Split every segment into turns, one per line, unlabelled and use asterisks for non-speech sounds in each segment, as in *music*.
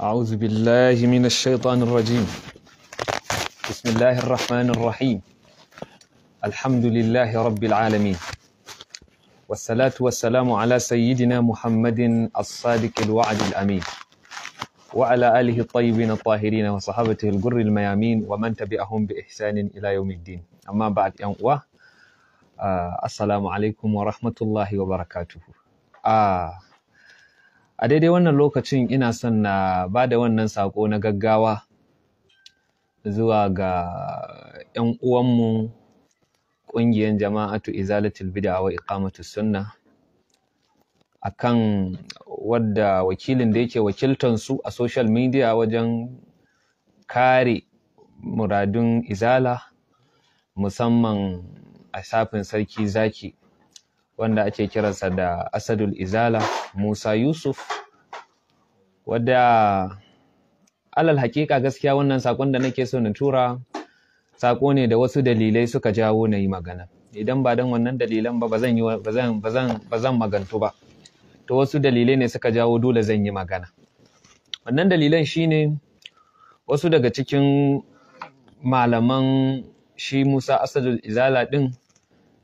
أعوذ بالله من الشيطان الرجيم بسم الله الرحمن الرحيم الحمد لله رب العالمين والصلاة والسلام على سيدنا محمد الصادق الوعد الأمين وعلى آله الطيبين الطاهرين وصحابته الجر الميامين ومن تبعهم بإحسان إلى يوم الدين أما بعد ينقوى آه، السلام عليكم ورحمة الله وبركاته آه a daidai wannan lokacin ina son na ba da wannan saƙo na gaggawa zuwa ga 'yan uwanmu ƙungiyar jama'atu izalatul bid'a wa iqamatu sunna akan wadda wakilin da yake wakiltan su a social media wajen kare muradun izala musamman a shafin sarki zaki wanda ake kiransa da Asadul Izala Musa Yusuf wadda alal hakika gaskiya wannan sakon da nake so na tura sako ne da wasu dalilai suka jawo na yi magana idan ba dan wannan dalilan ba bazan bazan bazan bazan magantu ba to wasu dalilai ne suka jawo dole zan yi magana wannan dalilan shine wasu daga cikin malaman shi Musa Asadul Izala din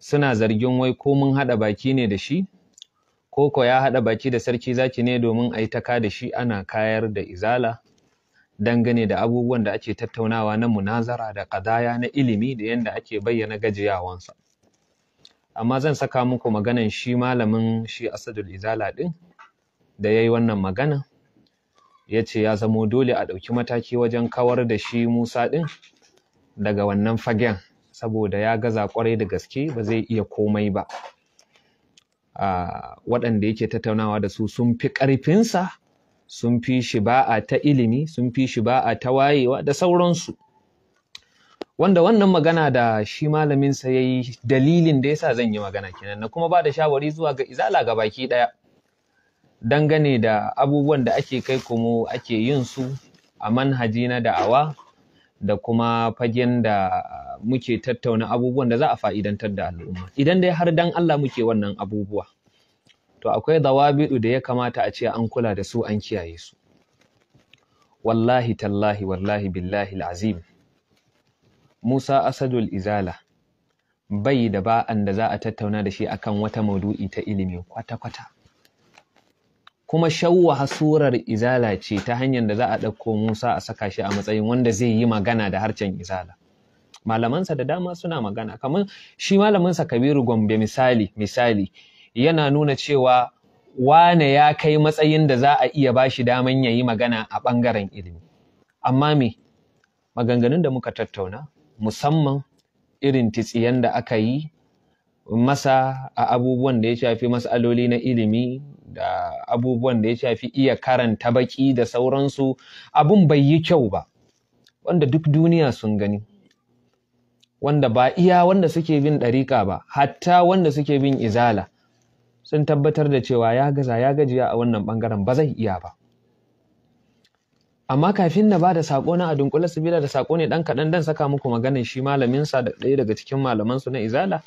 suna zargin wai ko mun haɗa baki ne da shi ko ko ya haɗa baki da sarki zaki ne domin a yi taka da shi ana kayar da izala dangane da abubuwan da ake tattaunawa na munazara da ƙadaya na ilimi da yadda ake bayyana gajiyawansa amma zan saka muku maganan shi malamin shi asadul izala ɗin da ya yi wannan magana ya ce ya zamo dole a ɗauki mataki wajen kawar da shi musa ɗin daga wannan fagen saboda ya gaza kwarai da gaske ba zai iya komai ba waɗanda yake tattaunawa da su sun fi ƙarfinsa sun fi shi ba'a ta ilimi sun fi shi ba'a ta wayewa da sauransu wanda wannan magana da shi malamin sa yayi dalilin da yasa zan yi magana kenan na kuma ba shawari zuwa ga izala ga baki ɗaya. dangane da abubuwan da ake kai komo ake yin su a manhaji na da'awa da kuma fagen da muke tattauna abubuwan da za a fa'idantar da al'umma idan dai har dan Allah muke wannan abubuwa to akwai zawabidu da ya kamata a ce an kula da su an kiyaye su wallahi tallahi wallahi billahi azim Musa Asadul Izala bai da ba'an da za a tattauna da shi akan wata maudu'i ta ilimi kwata-kwata kuma shawwaha surar izala ce ta hanyar da za a ɗauko Musa a saka shi a matsayin wanda zai yi magana da harshen izala malamansa da dama suna magana kamar shi malaminsa Kabiru Gombe misali misali yana nuna cewa wane ya kai matsayin da za a iya ba shi daman ya yi magana a ɓangaren ilimi amma me maganganun da muka tattauna musamman irin titsiyan da aka yi masa a abubuwan da ya shafi mas'aloli na ilimi da abubuwan da ya shafi iya karanta baki da sauransu abun bai yi kyau ba wanda duk duniya sun gani wanda ba iya wanda suke bin ɗariƙa ba hatta wanda suke bin izala sun tabbatar da cewa ya gaza ya gajiya a wannan ɓangaren ba zai iya ba amma kafin na ba da saƙo na a dunkule sabila da saƙo ne ɗan kaɗan dan saka muku maganin shi malaminsa da ɗaya daga cikin malamansu na izala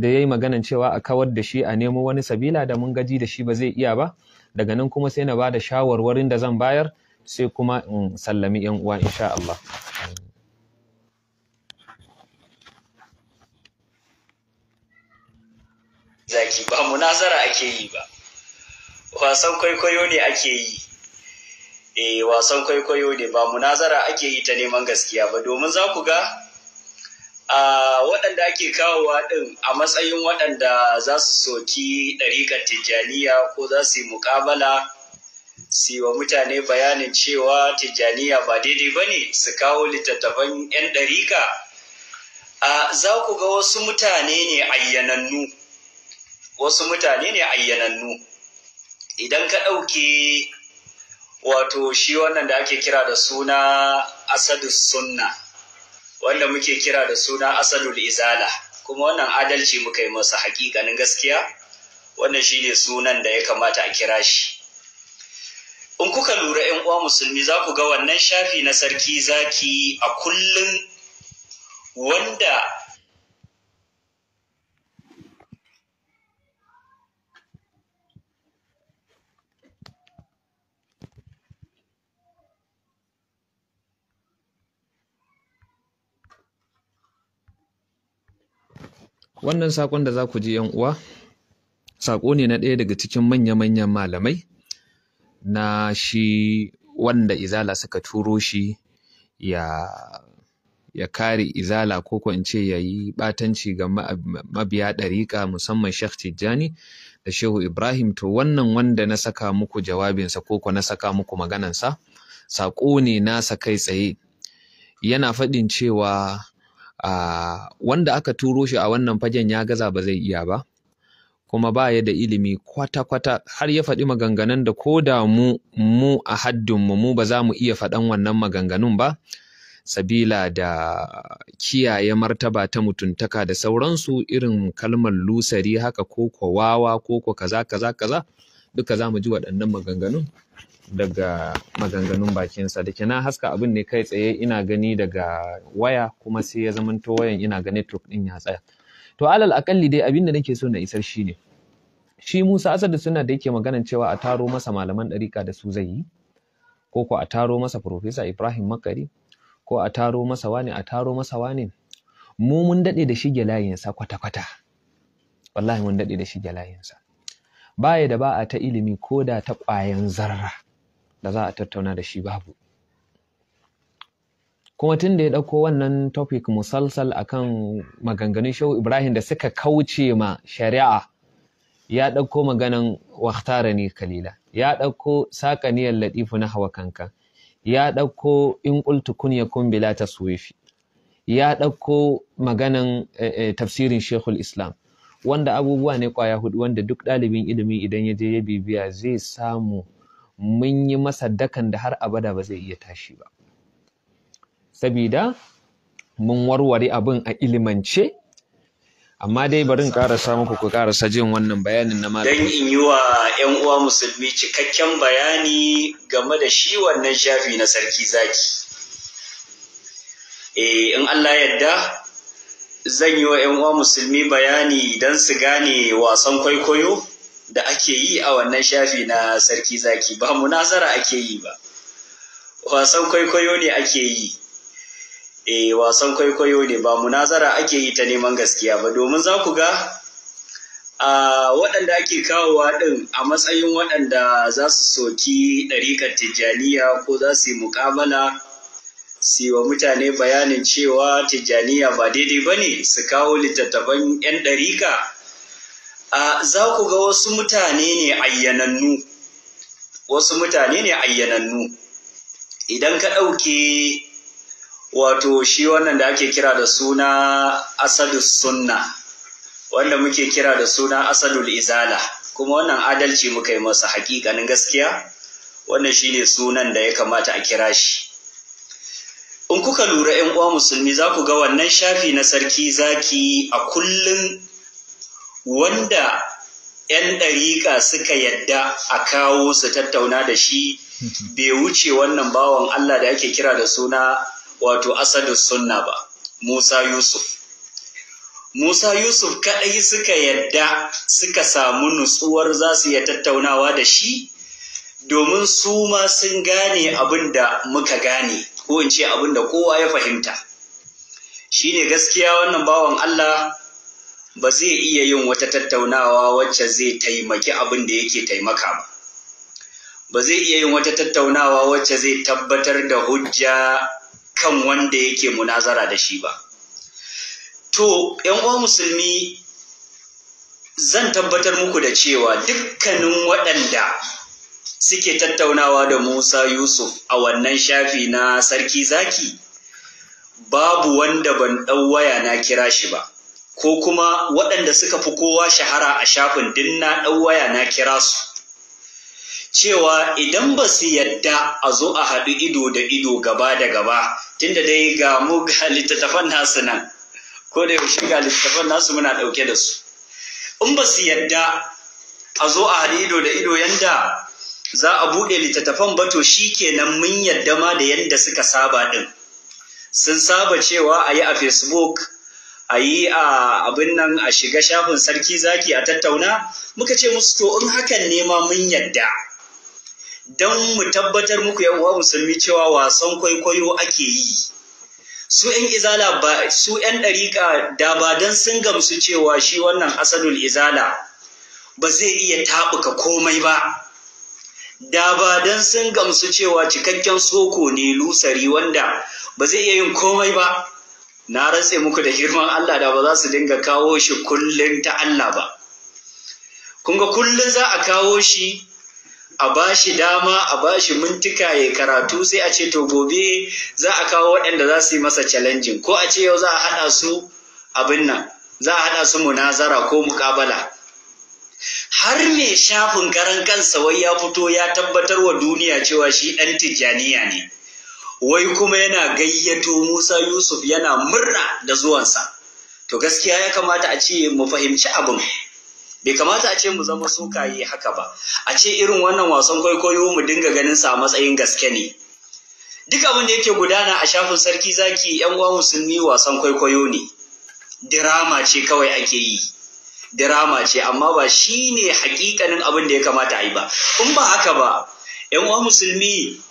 da ya yi maganan cewa a kawar da shi a nemo wani sabila da mun gaji da shi ba zai iya ba daga nan kuma sai na ba da shawarwarin da zan bayar sai kuma in sallami yan uwa insha Allah
zaki ba mu nazara ake yi ba wasan kwaikwayo ne ake yi eh wasan kwaikwayo ne ba mu nazara ake yi ta neman gaskiya ba domin za ku ga A waɗanda ake kawowa ɗin a matsayin waɗanda za su soki ɗariƙar tijjaniya ko za su yi muƙabala su wa mutane bayanin cewa tijjaniya ba daidai ba ne su kawo littattafan 'yan ɗarika. za ku ga wasu mutane ne ayyanannu wasu mutane ne ayyanannu idan ka ɗauke wato shi wannan da ake kira da suna asadu sunna wanda muke kira da suna asalul izala kuma wannan adalci muka yi masa hakikanin gaskiya wannan shine sunan da ya kamata a kira shi in kuka lura yan uwa musulmi za ku ga wannan shafi na sarki zaki a kullum wanda
wannan sakon da za ku ji uwa sako ne na ɗaya daga cikin manya-manyan malamai na shi wanda izala suka turo shi ya ya kare izala ko in ce ya yi ɓatanci ga mabiya ɗariƙa musamman Sheikh Tijjani da Shehu Ibrahim to wannan wanda na saka muku jawabinsa ko na saka muku maganansa sako ne nasa kai tsaye yana faɗin cewa a wanda aka turo shi a wannan fagen ya gaza ba zai iya ba kuma ba ya da ilimi kwata-kwata har ya faɗi maganganun da ko da mu mu a haddinmu mu ba za mu iya faɗan wannan maganganun ba sabila da kiyaye martaba ta mutuntaka da sauransu irin kalmar lusari haka ko kowawa ko ko kaza kaza kaza duka za mu ji waɗannan maganganun daga maganganun bakinsa da ke haska abin ne kai tsaye ina gani daga waya kuma sai ya zamanto wayan ina ga network din ya tsaya to alal akalli dai abin da nake so na isar shi ne shi Musa Asad suna da yake maganan cewa a taro masa malaman ɗarika da su zai yi ko ko a taro masa Profesa Ibrahim Makari ko a taro masa wani a taro masa wani mu mun daɗe da shige layinsa kwata-kwata wallahi mun daɗe da shige layinsa baya da ba a ta ilimi ko da ta ƙwayan zarra da za a tattauna da shi babu kuma tun da ya ɗauko wannan topic musalsal akan maganganun shehu ibrahim da suka kauce ma shari'a ya ɗauko maganan waktara ne kalila ya ɗauko saƙaniyar latifu na hawa kanka ya ɗauko in ƙultu kun kun bila ta suwifi ya ɗauko maganan eh, eh, tafsirin shehul islam wanda abubuwa ne ƙwaya hudu wanda duk ɗalibin ilimi idan ya je ya bibiya zai samu mun yi masa dakan da har abada ba zai iya tashi ba sabida mun warware abin a ilimance amma dai bari in karasa muku ku karasa jin wannan bayanin na malam dan
in yi wa ƴan uwa musulmi cikakken bayani game da shi wannan shafi na sarki zaki eh in Allah yadda zan yi wa ƴan uwa musulmi bayani dan su gane wasan kwaikwayo da ake yi a wannan shafi na sarki zaki ba munazara ake yi ba wasan kwaikwayo ne ake yi e wasan kwaikwayo ne ba munazara ake yi ta neman gaskiya ba domin za ku ga a waɗanda ake kawowa ɗin a matsayin waɗanda za su soki ɗarikar tijjaniya ko za su yi muƙamala su wa mutane bayanin cewa tijjaniya ba daidai ba ne su kawo littattafan 'yan ɗarika za ku ga wasu mutane ne ayyanannu wasu mutane ne ayyanannu idan ka ɗauke wato shi wannan da ake kira da suna asadus sunna wanda muke kira da suna asadul izala kuma wannan adalci muka yi masa hakikanin gaskiya wannan ne sunan da ya kamata a kira shi in kuka lura 'yan uwa musulmi za ku ga wannan shafi na sarki zaki a kullum wanda 'yan ɗariƙa suka yadda a kawo su tattauna da shi *laughs* bai wuce wannan bawan Allah da ake kira da suna wato asadu sunna ba Musa Yusuf Musa Yusuf kaɗai suka yadda suka samu nutsuwar za su iya tattaunawa da shi domin su ma sun gane abin da muka gane ko in ce abin da kowa ya fahimta shi ne gaskiya wannan bawan Allah ba zai iya yin wata tattaunawa wacce zai taimaki abin da yake taimaka ba ba zai iya yin wata tattaunawa wacce zai tabbatar da hujja kan wanda yake munazara da shi ba to yan uwa musulmi zan tabbatar muku da cewa dukkanin waɗanda suke tattaunawa da Musa Yusuf a wannan shafi na sarki zaki babu wanda ban ɗau waya na kira shi ba ko kuma waɗanda suka fi kowa shahara a shafin din na waya na kira su cewa idan ba su yadda a zo a haɗu ido da ido gaba da gaba tunda dai ga mu *laughs* ga littattafan nasu nan ko da yaushe ga littattafan nasu muna ɗauke da su in ba su yadda a zo a haɗu ido da ido yanda za a buɗe littattafan ba to shi kenan mun yadda ma da yanda suka saba ɗin sun saba cewa a yi a facebook a yi a abin nan a shiga shafin sarki zaki a tattauna muka ce musu to in hakan ne ma mun yadda don mu tabbatar muku yan uwa musulmi cewa wasan kwaikwayo ake yi su yan izala ba su yan dariƙa da ba dan sun gamsu cewa shi wannan asadul izala ba zai iya tabuka komai ba da ba dan sun gamsu cewa cikakken soko ne lusari wanda ba zai iya yin komai ba na rantse muku da girman Allah da ba za su dinga kawo shi kullum ta Allah ba kun ga kullun za a kawo shi a ba shi dama a ba shi mintika ya karatu sai a ce to gobe za a kawo waɗanda za su yi masa challenging ko a ce yau za a haɗa su abin nan za a haɗa su munazara ko muƙabala har me shafin karan kansa wai ya fito ya tabbatar wa duniya cewa shi ɗan tijjaniya ne wai kuma yana gayyato Musa Yusuf yana murna da zuwansa to gaskiya ya kamata a ce mu fahimci abin bai kamata a ce mu zama sokaye haka ba a ce irin wannan wasan kwaikwayo mu dinga ganin sa matsayin gaske ne duk abin da yake gudana a shafin sarki zaki yan uwa musulmi wasan kwaikwayo ne dirama ce kawai ake yi dirama ce amma ba shi ne hakikanin abin da ya kamata a yi ba in ba haka ba yan uwa musulmi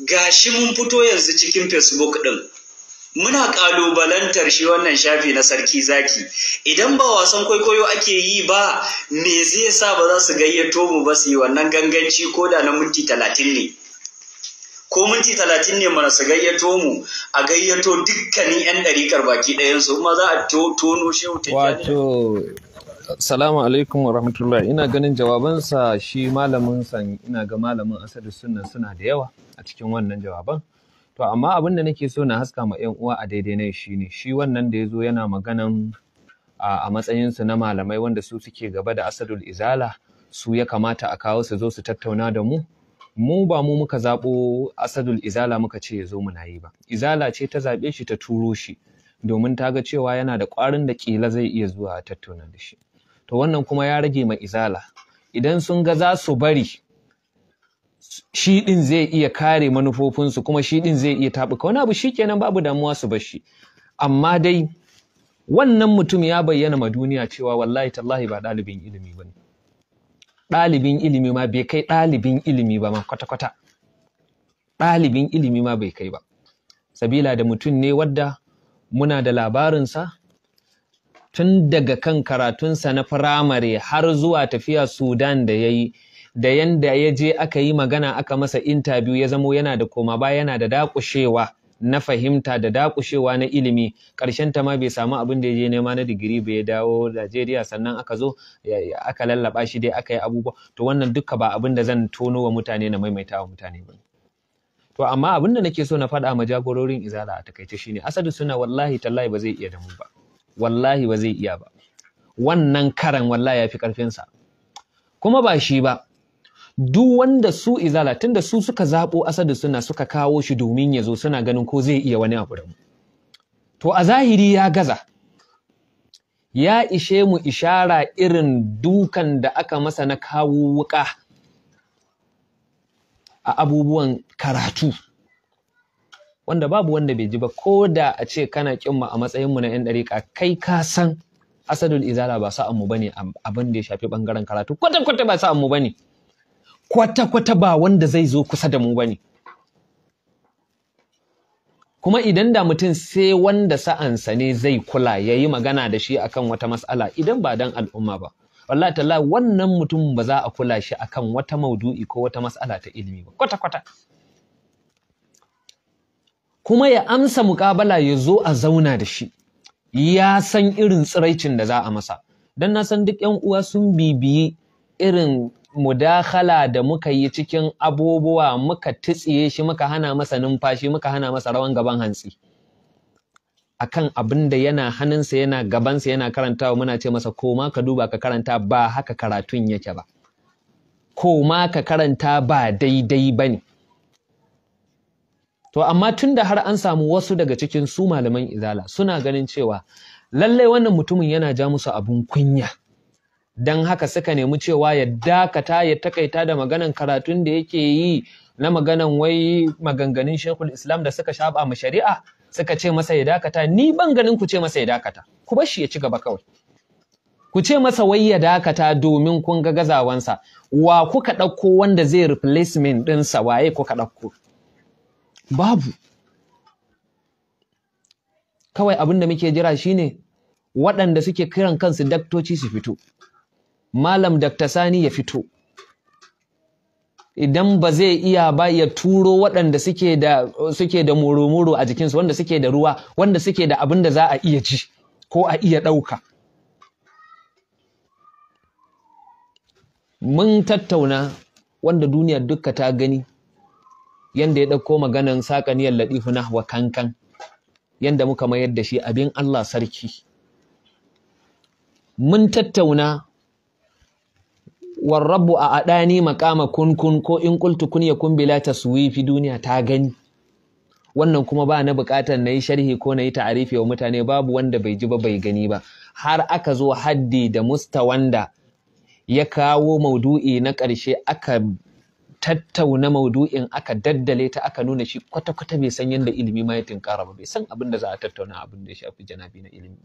gashi mun fito yanzu cikin facebook ɗin muna ƙalubalantar shi wannan shafi na sarki zaki idan ba wasan kwaikwayo ake yi ba me zai sa ba za su gayyato mu ba su yi wannan ganganci ko da na minti talatin ne ko minti talatin ne mana su gayyato mu a gayyato dukkanin 'yan ɗarikar baki ɗayansu kuma za a tono shehu wato
Salamu alaikum wa rahmatullah. Ina ganin jawabansa shi malamin san ina ga malamin asali sunna suna da yawa a cikin wannan jawaban. To amma abin da nake so na haska ma 'yan uwa a daidai ne shine shi wannan da ya zo yana maganan a matsayinsu na malamai wanda su suke gaba da asadul izala su ya kamata a kawo su zo su tattauna da mu mu ba mu muka zaɓo asadul izala muka ce ya zo muna yi ba izala ce ta zaɓe shi ta turo shi domin ta ga cewa yana da ƙwarin da kila zai iya zuwa tattauna da shi to wannan kuma ya rage mai izala idan sun ga za su bari shi din zai iya kare manufofinsu kuma shi din zai iya taɓuka wani abu shi kenan babu damuwa su bar shi amma dai wannan mutum ya bayyana ma duniya cewa wallahi tallahi ba ɗalibin ilimi ba ne ɗalibin ilimi ma bai kai ɗalibin ilimi ba ma kwata-kwata ɗalibin ilimi ma bai kai ba sabila da mutum ne wadda muna da labarinsa tun daga kan karatunsa na firamare har zuwa tafiya Sudan da ya yi, da yanda ya je aka yi magana aka masa intabiyu ya zamo yana da koma ba yana da dakushewa na fahimta da dakushewa na ilimi ƙarshen ta ma bai samu abin da ya je nema na digiri bai dawo Najeriya sannan aka zo aka lallaba shi dai aka yi abubuwa to wannan duka ba abin da zan tono wa mutane na maimaita wa mutane ba to amma abin da nake so na faɗa ma jagororin izala a takaice shine asadu suna wallahi tallahi ba zai iya da mu ba wallahi ba zai iya ba wannan karan wallahi ya fi ƙarfinsa kuma ba shi ba duk wanda su izala tunda su suka zaɓo asadu suna suka kawo shi domin ya zo suna ganin ko zai iya wani abu da mu to a zahiri ya gaza ya ishe mu ishara irin dukan da aka masa na kawo wuka a abubuwan karatu wanda babu wanda bai ji ba ko da a ce kana kin mu a matsayin mu na yan dariƙa kai ka san asadul izala ba sa'an mu bane abin da ya shafi bangaren karatu kwata kwata ba sa'an mu bane kwata kwata ba wanda zai zo kusa da mu bane kuma idan da mutum sai wanda sa'ansa ne zai kula ya yi magana da shi akan wata mas'ala idan ba dan al'umma ba wallahi talla wannan mutum ba za a kula shi akan wata maudu'i ko wata mas'ala ta ilimi ba kwata kwata kuma ya amsa muƙabala ya zo a zauna da shi ya san irin tsiraicin da za a masa don na san duk yan uwa sun bibiyi irin mudakala da muka yi cikin abubuwa muka titsiye shi muka hana masa numfashi muka hana masa rawan gaban hantsi akan abin da yana hannunsa yana gabansa yana karantawa muna ce masa koma ka duba ka karanta ba haka karatun yake ba koma ka karanta ba daidai ba ne to amma tun da har an samu wasu daga cikin su malaman izala suna ganin cewa lallai wannan mutumin yana ja musu abun kunya don haka suka nemi cewa ya dakata ya takaita da maganan karatun da yake yi na maganan wai maganganun shekul islam da suka shaba ma shari'a suka ce masa ya dakata ni ban ganin ku ce masa ya dakata ku bar shi ya ci gaba kawai ku ce masa wai ya dakata domin kun ga gazawansa wa kuka ɗauko wanda zai replacement ɗinsa waye kuka ɗauko babu kawai abin da muke jira shine waɗanda suke kiran kansu daktoci su fito malam dakta sani ya fito idan ba zai iya ba ya turo waɗanda suke da suke da murumuru a jikinsu wanda suke da ruwa wanda suke da abin da za a iya ci ko a iya ɗauka mun tattauna wanda duniya dukka ta gani yanda ya ɗauko maganan saƙaniyar latifu wa kankan yanda muka mayar da shi abin Allah sarki mun tattauna warrabu a adani makama kunkun ko in qultu kun kumbila ta suwifi duniya ta gani wannan kuma ba na buƙatar na yi sharhi ko na yi ta'arifi wa mutane babu wanda bai ji ba bai gani ba har aka zo haddi da musta wanda ya kawo maudu'i na ƙarshe aka tattauna maudu'in aka daddale ta aka nuna shi kwata-kwata bai san yadda ilimi ma ya tinkara ba bai san abin da za a tattauna abin da ya shafi janabi na ilimi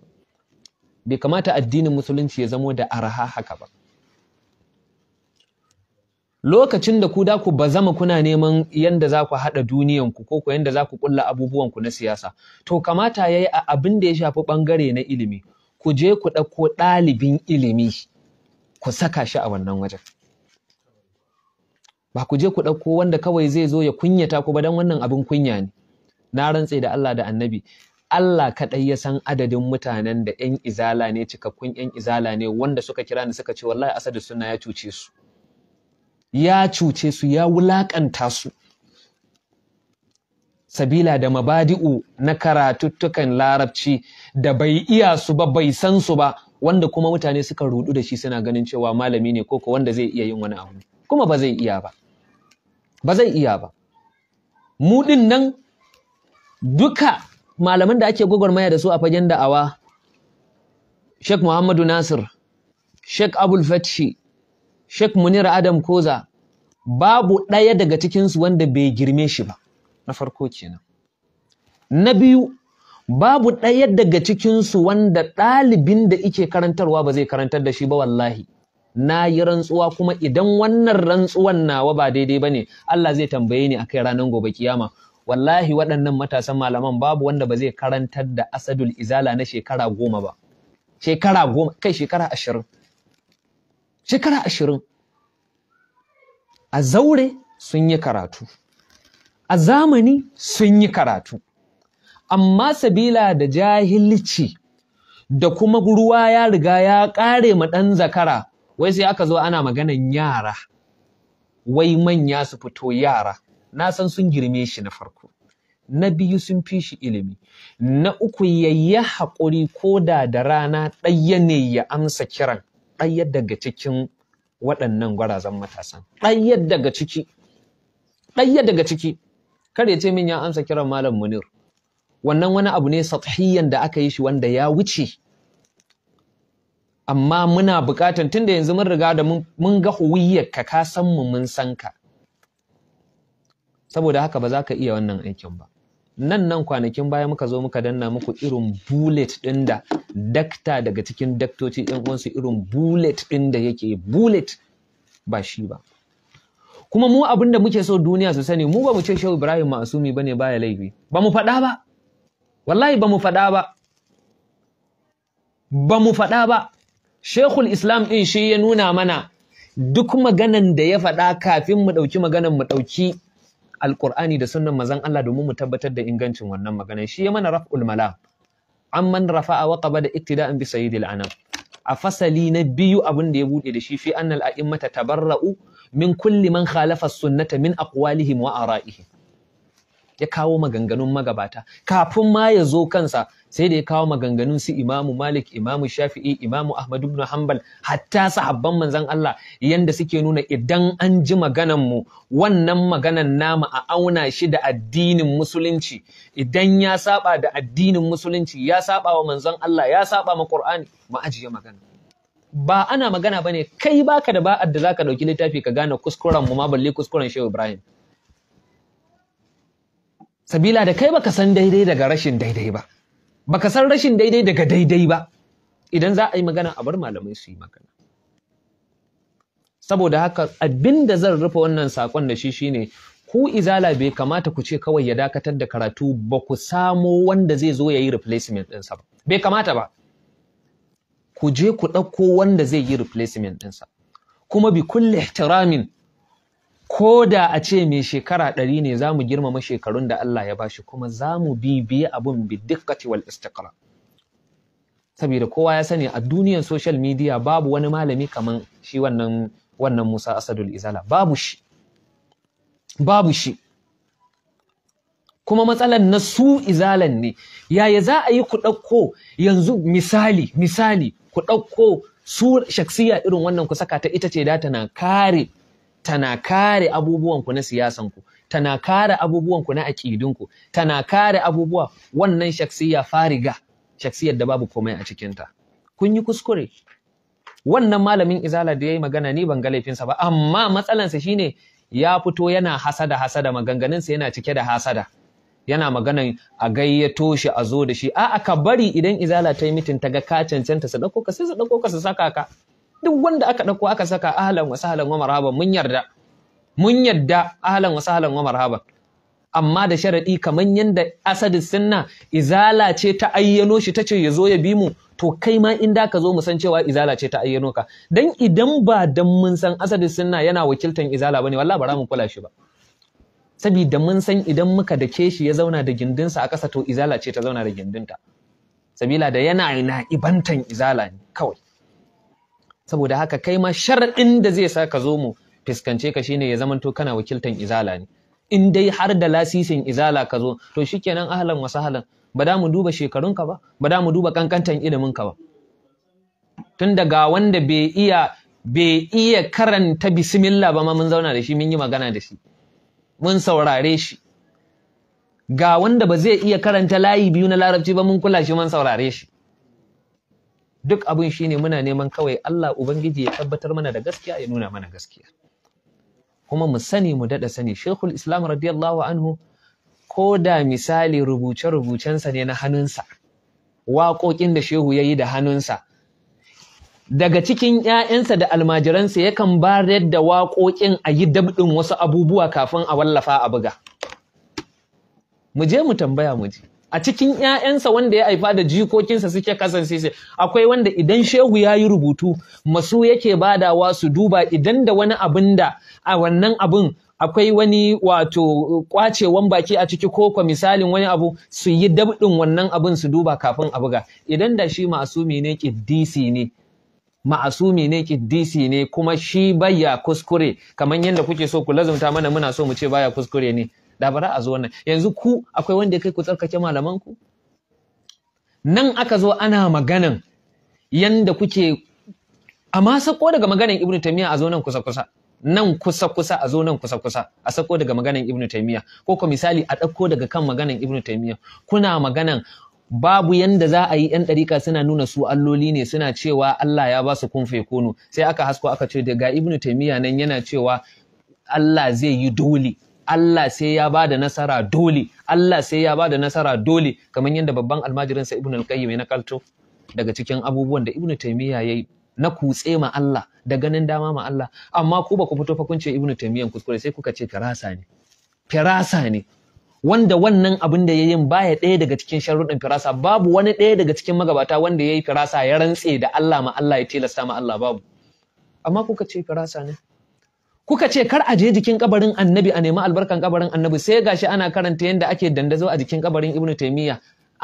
bai kamata addinin musulunci ya zamo da araha haka ba lokacin da ku da ku ba zama kuna neman yadda za ku haɗa duniyanku ko ku yadda za ku ƙulla abubuwanku na siyasa to kamata ya yi a abin da ya shafi ɓangare na ilimi ku je ku ɗauko ɗalibin ilimi ku saka shi a wannan wajen ba ku je ku ɗauko wanda kawai zai zo ya kunyata ku ba dan wannan abin kunya ne na rantse da Allah da annabi Allah kaɗai ya san adadin mutanen da ‘yan izala ne cikakkun ‘yan izala ne wanda suka kira ni suka ce wallahi asadu suna ya cuce su ya cuce su ya wulaƙanta su sabila da mabadi'u na karatuttukan larabci da bai iya su ba bai san su ba wanda kuma mutane suka rudu da shi suna ganin cewa malami ne koko wanda zai iya yin wani abu kuma ba zai iya ba ba zai iya ba mu ɗin nan duka malaman da ake gwagwarmaya da su a fagen da'awa Sheikh Muhammadu Nasir Sheikh Abul Fatshi, Sheikh Munir Adam Koza babu ɗaya daga cikinsu wanda bai girme shi ba na farko kenan na biyu babu ɗaya daga cikinsu wanda ɗalibin da ike karantarwa ba zai karantar da shi ba wallahi na yi rantsuwa kuma idan wannan rantsuwan nawa ba daidai ba ne Allah zai tambaye ni akai ranar gobe kiyama wallahi waɗannan matasan malaman babu wanda ba zai karantar da asadul izala na shekara goma ba shekara goma kai shekara ashirin shekara ashirin a zaure sun yi karatu a zamani sun yi karatu amma sabila da jahilci da kuma ruwa ya riga ya ƙare ma ɗan zakara wai sai aka zo ana maganan yara wai manya su fito yara na san sun girme shi na farko na biyu sun fi shi ilimi na uku ya yi haƙuri ko da da rana ɗaya ne ya amsa kiran ɗaya daga cikin waɗannan gwarazan matasan ɗaya daga ciki ɗaya daga ciki kar ya ce min ya amsa kiran malam munir wannan wani abu ne sathiyan da aka yi shi wanda ya wuce amma muna buƙatan tunda yanzu mun riga da mun ga huwiyyarka ka san mu mun san ka saboda haka ba za ka iya wannan aikin ba nan nan kwanakin baya muka zo muka danna muku irin bullet ɗin da dakta daga cikin daktoci ɗan uwansu irin bullet ɗin da yake bullet ba shi ba kuma mu abin da muke so duniya su sani mu ba mu ce shehu ibrahim ma'asumi bane baya laifi ba mu faɗa ba wallahi ba mu faɗa ba ba mu faɗa ba Shekul Islam ɗin shi ya nuna mana duk maganan da ya faɗa kafin mu ɗauki maganan mu ɗauki alƙur'ani da sunan mazan Allah domin mu tabbatar da ingancin wannan maganan shi ya mana raf'ul mala amman rafa'a wa qaba da iktida'an bi sayyidil anam a fasali na biyu abin da ya buɗe da shi fi annal a'immata tabarra'u min kulli man khalafa sunnata min aqwalihim wa ara'ihim ya kawo maganganun magabata kafin ma ya zo kansa sai da ya kawo maganganun su imamu malik imamu shafi'i imamu Ahmadu ibn hanbal hatta sahabban manzon Allah yanda suke nuna idan an ji maganan mu wannan maganan nama a auna shi da addinin musulunci idan ya saba da addinin musulunci ya saba wa manzon Allah ya saba ma Qur'ani mu ajiye magana ba ana magana bane kai baka da ba'ad da zaka dauki littafi ka gane kuskuren mu ma balle kuskuren Shehu Ibrahim sabila da kai baka san daidai daga rashin daidai ba baka san rashin daidai daga daidai ba idan za a yi magana a bar malamai su yi magana saboda haka abinda zan rufe wannan sakon da shi shine ku izala bai kamata ku ce kawai ya dakatar da karatu ba ku samo wanda zai zo ya yi replacement ɗinsa ba bai kamata ba ku je ku ɗauko wanda zai yi replacement ɗinsa kuma bi kulle ihtiramin ko da a ce mai shekara ɗari ne za mu girmama shekarun da Allah ya bashi kuma za mu bibiye abun bi wal istiqra saboda kowa ya sani a duniyar social media babu wani malami kamar shi wannan Musa Asadul Izala babu shi babu shi kuma matsalar na su izalan ne yaya za a yi ku ɗauko yanzu misali misali ku ɗauko su shaksiya irin wannan ku saka ta ita ce data na kare tana kare abubuwanku na siyasanku tana kare abubuwanku na aƙidinku. tana kare abubuwa wannan shaksiya fariga shaksiyar da babu komai a cikinta kun yi kuskure wannan malamin izala da ya yi magana ni ban ga laifinsa ba amma matsalansa shine ya fito yana hasada hasada maganganunsa yana cike da hasada yana magana a gayyato shi a zo da shi a'a ka bari idan izala ta yi mitin ta ga ka cancanta su ɗauko ka sai su ɗauko ka su saka ka duk wanda aka ɗauko aka saka ahlan wa sahlan wa marhaban mun yarda mun yarda ahlan wa sahlan wa marhaban amma da sharaɗi kamar yadda asadis sunna izala ce ta ayyano shi tace ce ya zo ya bi mu to kai ma in da ka zo mu san cewa izala ce ta ayyano ka dan idan ba dan mun san asadis sunna yana wakiltan izala bane wallahi bara mu kula shi ba saboda mun san idan muka dake shi ya zauna da gindinsa a ƙasa to izala ce ta zauna da gindinta sabila da yana na'ibantan ibantan izala ne kawai saboda haka kai ma sharaɗin da zai sa ka zo mu fiskance ka shine ya zamanto kana wakiltan izala ne in dai har da lasisin izala ka zo to shikenan ahlan wa sahlan ba da mu duba shekarunka ba ba da mu duba kankantan iliminka ba tun daga wanda bai iya bai iya karanta bismillah ba ma mun zauna da shi mun yi magana da shi mun saurare shi ga wanda ba zai iya karanta layi biyu na larabci ba mun kula shi mun saurare shi duk abin shi ne muna neman kawai Allah ubangiji ya tabbatar mana da gaskiya ya nuna mana gaskiya kuma mu sani mu daɗa sani shekul islam radiyallahu anhu ko da misali rubuce-rubucensa ne na hannunsa waƙoƙin da shehu ya yi da hannunsa daga cikin ‘ya'yansa da almajiransa yakan ba da waƙoƙin a yi dabɗin wasu abubuwa kafin a wallafa a buga. Mu je mu tambaya mu je. a cikin ‘ya'yansa wanda ya haifa da jikokinsa suke kasance akwai wanda idan shehu ya yi rubutu masu yake badawa su duba idan da wani abin da a wannan abin akwai wani wato kwacewan baki a ciki ko kwa misalin wani abu su yi dabdin wannan abin su duba kafin a buga idan da shi ma'asumi ne ƙiddisi ne ma'asumi ne kiddisi ne kuma shi baya kuskure kamar yadda kuke so ku lazumta mana muna so mu ce baya kuskure ne da bara a zo nan yanzu ku akwai wanda ya kai ku tsarkake malaman ku nan aka zo ana maganan yanda kuke amma sako daga maganan Ibn Taymiyyah a zo nan kusa kusa nan kusa kusa a zo nan kusa kusa a sako daga maganan Ibn Taymiyyah ko ko misali a ɗauko daga kan maganan Ibn Taymiyyah kuna maganan babu yanda za a yi 'yan ɗarika suna nuna su alloli ne suna cewa Allah ya ba su kun kono sai aka hasko aka ce daga ibnu taimiyya nan yana cewa Allah zai yi dole Allah sai ya ba da nasara dole Allah sai ya ba da nasara dole kamar yadda babban almajirinsa Ibn al-Qayyim na nakalto daga cikin abubuwan da Ibn Taymiyyah yi na kutse ma Allah da ganin dama ma Allah amma ku ba ku fito fa kun ce Ibn Taymiyyah kuskure sai kuka ce firasa ne firasa ne wanda wannan abin da ya yin baya ɗaya daga cikin sharuɗin firasa babu wani ɗaya daga cikin magabata wanda ya yi firasa ya rantse da Allah ma Allah ya tilasta ma Allah babu amma kuka ce firasa ne kuka ce kar a je jikin kabarin annabi a nemi albarkan kabarin annabi sai gashi ana karanta yadda ake dandazo a jikin kabarin ibnu taimiyya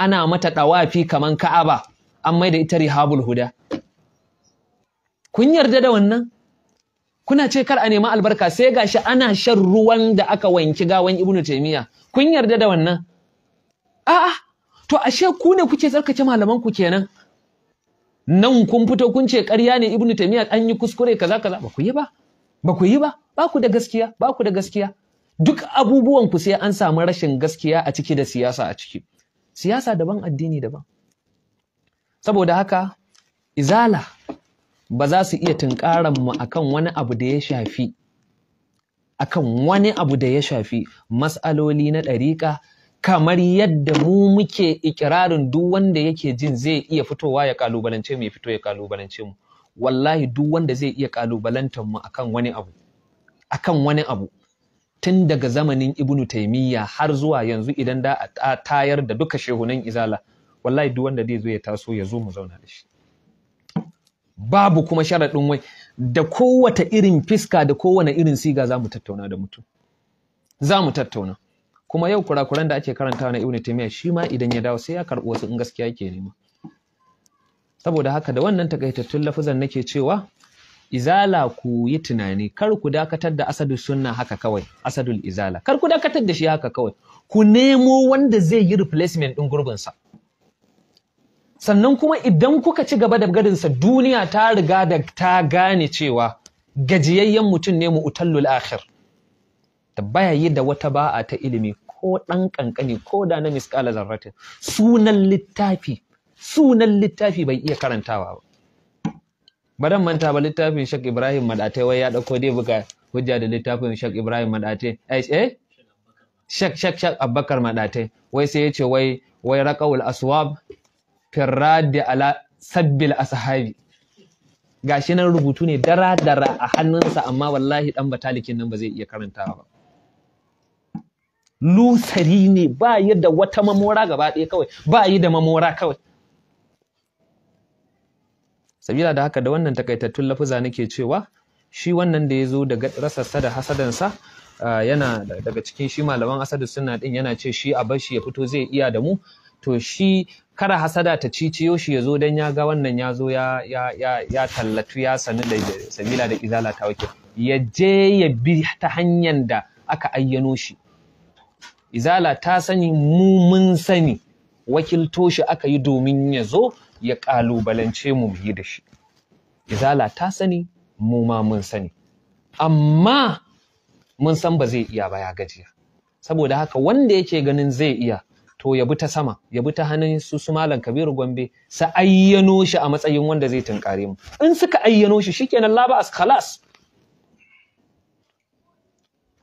ana mata dawafi kaman ka'aba an da ita rihabul huda kun yarda da wannan kuna ce kar a nemi albarka sai gashi ana shan ruwan da aka wanki gawan ibnu taimiyya kun yarda da wannan a'a to ashe ku ne kuke tsarkake malaman ku kenan nan kun fito kun ce ƙarya ne ibnu taimiyya an yi kuskure kaza kaza ba ku yi ba ba ku yi ba ba ku da gaskiya ba ku da gaskiya duk abubuwan ku sai an samu rashin gaskiya a ciki da siyasa a ciki siyasa daban addini daban saboda haka izala ba za su iya tunkaran mu akan wani abu da ya shafi akan wani abu da ya shafi matsaloli na ɗariƙa kamar yadda mu muke ikirarin duk wanda yake jin zai iya fitowa ya kalubalance mu ya fito ya kalubalance mu wallahi duk wanda zai iya kalubalantar mu akan wani abu akan wani abu tun daga zamanin ibnu taimiyya har zuwa yanzu idan da a tayar da duka shehunan izala wallahi duk wanda zai zo ya taso ya zo mu zauna da shi babu kuma sharaɗin wai da kowata irin fiska da kowane irin siga za mu tattauna da mutum za mu tattauna kuma yau kurakuran da ake karantawa na ibnu taimiyya shi ma idan ya dawo sai ya karɓi wasu in gaskiya yake nema saboda haka da wannan takaitattun lafuzan nake cewa izala ku yi tunani kar ku dakatar da asadul sunna haka kawai asadul izala kar ku dakatar da shi haka kawai ku nemo wanda zai yi replacement din sa. sannan kuma idan kuka ci gaba da sa, duniya ta riga da ta gane cewa gajiyayyen mutum ne mu utallul akhir da baya yi da wata ba'a ta ilimi ko ɗan ƙanƙani ko da na miskala zarratin sunan littafi sunan littafi bai iya karantawa ba baran manta ba littafin shek Ibrahim Madate wai ya dauko dai buga hujja da littafin shek Ibrahim Madate eh, eh Sheikh shek, shek Abubakar Madate wai sai yace wai wai raqaul aswab firradi ala sabbil ashabi gashi nan rubutu ne dara dara a hannunsa amma wallahi dan batalikin nan ba zai iya karantawa ba lusari ne ba yi da wata mamora gaba ɗaya kawai ba yi da mamora kawai sabila da haka da wannan takaitattun lafuza nake cewa shi wannan da ya zo da rasarsa da hasadansa yana daga cikin shi malaman asadu suna din yana ce shi a bashi ya fito zai iya da mu to shi kara hasada ta ciciyo shi ya zo don ya ga wannan ya zo ya tallatu ya sanu da sabila da izala ta wake ya je ya bi ta hanyar da aka ayyano shi izala ta sani mu mun sani wakilto shi aka yi domin ya zo ya ƙalubalance mu mu da shi izala ta sani mu ma mun sani amma mun san ba zai iya ba ya gajiya saboda haka wanda yake ganin zai iya to ya bi ta sama ya bi ta hannun su su malam kabiru gombe sa ayyano shi a matsayin wanda zai tunkare mu in suka ayyano shi shikenan laba as khalas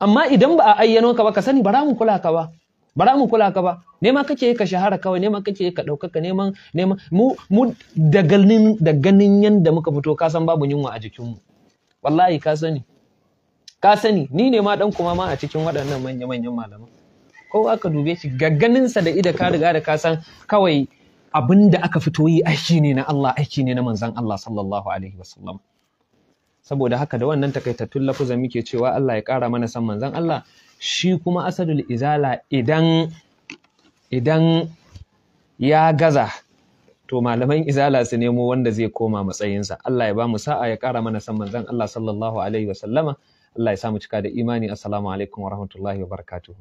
amma idan ba a ayyano ka ba ka sani ba ra mu kula ka ba ba za mu kula ka ba nema kake ka shahara kawai nema kake ka ɗaukaka neman neman mu mu da ganin da muka fito ka san babu yunwa a jikinmu wallahi ka sani ka sani ni ne ma dan kuma ma a cikin waɗannan manya manyan malaman kowa ka dube shi ga ganinsa da ida ka riga da ka san kawai abinda aka fito yi aiki ne na Allah aiki ne na manzon Allah sallallahu alaihi wasallam saboda haka da wannan takaitattun lafuzan muke cewa Allah ya ƙara mana san manzon Allah shi kuma asadul izala idan idan ya gaza to malaman izala su nemo wanda zai koma matsayinsa Allah ya ba mu sa'a ya kara mana san manzon Allah sallallahu alaihi wa sallama Allah ya samu cika da imani assalamu alaikum wa rahmatullahi wa barakatuhu